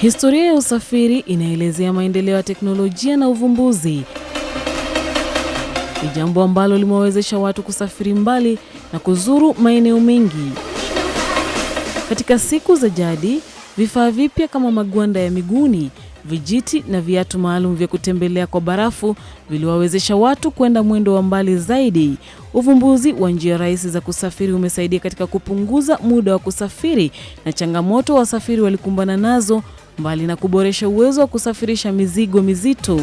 Historia ya usafiri inaelezea maendeleo ya teknolojia na uvumbuzi. Ni jambo ambalo limewawezesha watu kusafiri mbali na kuzuru maeneo mengi. Katika siku za jadi, vifaa vipya kama magwanda ya miguuni, vijiti na viatu maalum vya kutembelea kwa barafu viliwawezesha watu kwenda mwendo wa mbali zaidi. Uvumbuzi wa njia rahisi za kusafiri umesaidia katika kupunguza muda wa kusafiri na changamoto wasafiri walikumbana nazo mbali na kuboresha uwezo wa kusafirisha mizigo mizito.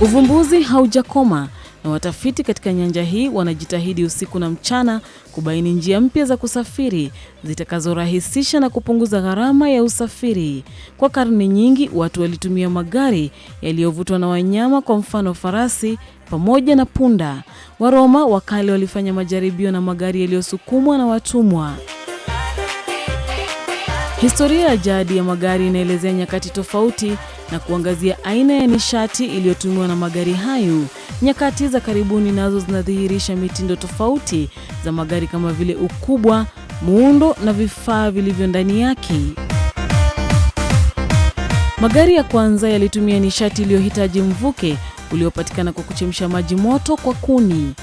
Uvumbuzi haujakoma na watafiti katika nyanja hii wanajitahidi usiku na mchana kubaini njia mpya za kusafiri zitakazorahisisha na kupunguza gharama ya usafiri. Kwa karne nyingi, watu walitumia magari yaliyovutwa na wanyama, kwa mfano farasi pamoja na punda. Waroma wa kale walifanya majaribio na magari yaliyosukumwa na watumwa. Historia ya jadi ya magari inaelezea nyakati tofauti na kuangazia aina ya nishati iliyotumiwa na magari hayo. Nyakati za karibuni nazo zinadhihirisha mitindo tofauti za magari kama vile ukubwa, muundo na vifaa vilivyo ndani yake. Magari ya kwanza yalitumia nishati iliyohitaji mvuke uliopatikana kwa kuchemsha maji moto kwa kuni.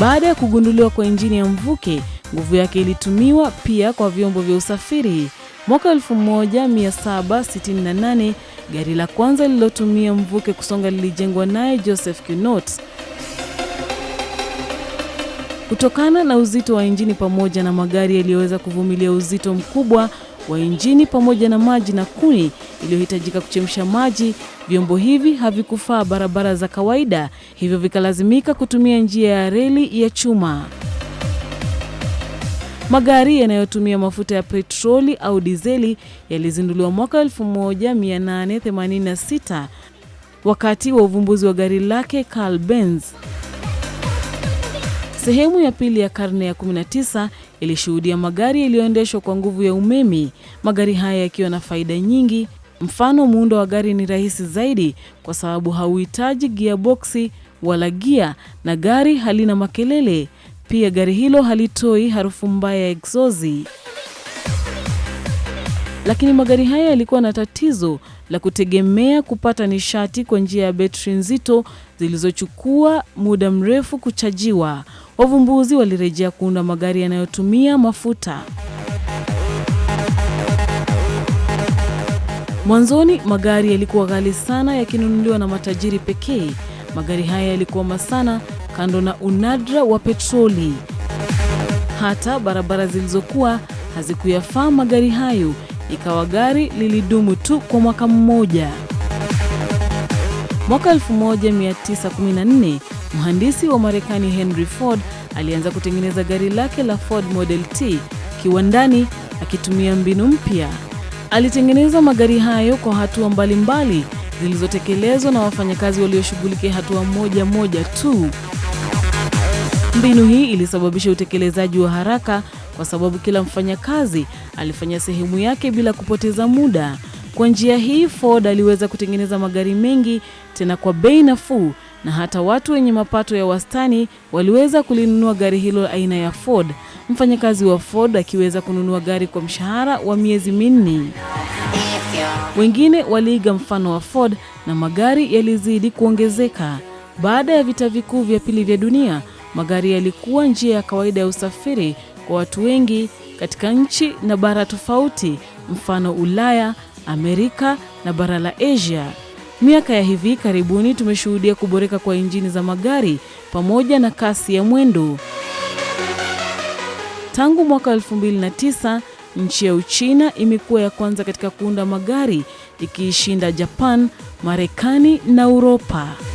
Baada ya kugunduliwa kwa injini ya mvuke Nguvu yake ilitumiwa pia kwa vyombo vya usafiri. Mwaka 1768 gari la kwanza lililotumia mvuke kusonga lilijengwa naye Joseph Cunot. Kutokana na uzito wa injini pamoja na magari yaliyoweza kuvumilia uzito mkubwa wa injini pamoja na maji na kuni iliyohitajika kuchemsha maji, vyombo hivi havikufaa barabara za kawaida, hivyo vikalazimika kutumia njia ya reli ya chuma. Magari yanayotumia mafuta ya petroli au dizeli yalizinduliwa mwaka 1886 wakati wa uvumbuzi wa gari lake Carl Benz. Sehemu ya pili ya karne ya 19 ilishuhudia magari yaliyoendeshwa kwa nguvu ya umeme, magari haya yakiwa na faida nyingi. Mfano, muundo wa gari ni rahisi zaidi kwa sababu hauhitaji gearboksi wala gia na gari halina makelele. Pia gari hilo halitoi harufu mbaya ya egzozi. Lakini magari haya yalikuwa na tatizo la kutegemea kupata nishati kwa njia ya betri nzito zilizochukua muda mrefu kuchajiwa. Wavumbuzi walirejea kuunda magari yanayotumia mafuta. Mwanzoni magari yalikuwa ghali sana, yakinunuliwa na matajiri pekee. Magari haya yalikuwa masana kando na unadra wa petroli. Hata barabara zilizokuwa hazikuyafaa magari hayo, ikawa gari lilidumu tu kwa mwaka mmoja. Mwaka 1914 mhandisi wa Marekani Henry Ford alianza kutengeneza gari lake la Ford Model T kiwandani akitumia mbinu mpya. Alitengeneza magari hayo kwa hatua mbalimbali zilizotekelezwa na wafanyakazi walioshughulikia hatua moja moja tu. Mbinu hii ilisababisha utekelezaji wa haraka kwa sababu kila mfanyakazi alifanya sehemu yake bila kupoteza muda. Kwa njia hii, Ford aliweza kutengeneza magari mengi tena kwa bei nafuu na hata watu wenye mapato ya wastani waliweza kulinunua gari hilo aina ya Ford, mfanyakazi wa Ford akiweza kununua gari kwa mshahara wa miezi minne. Wengine waliiga mfano wa Ford na magari yalizidi kuongezeka. Baada ya vita vikuu vya pili vya dunia Magari yalikuwa njia ya kawaida ya usafiri kwa watu wengi katika nchi na bara tofauti, mfano Ulaya, Amerika na bara la Asia. Miaka ya hivi karibuni tumeshuhudia kuboreka kwa injini za magari pamoja na kasi ya mwendo. Tangu mwaka 2009 nchi ya Uchina imekuwa ya kwanza katika kuunda magari ikiishinda Japan, Marekani na Uropa.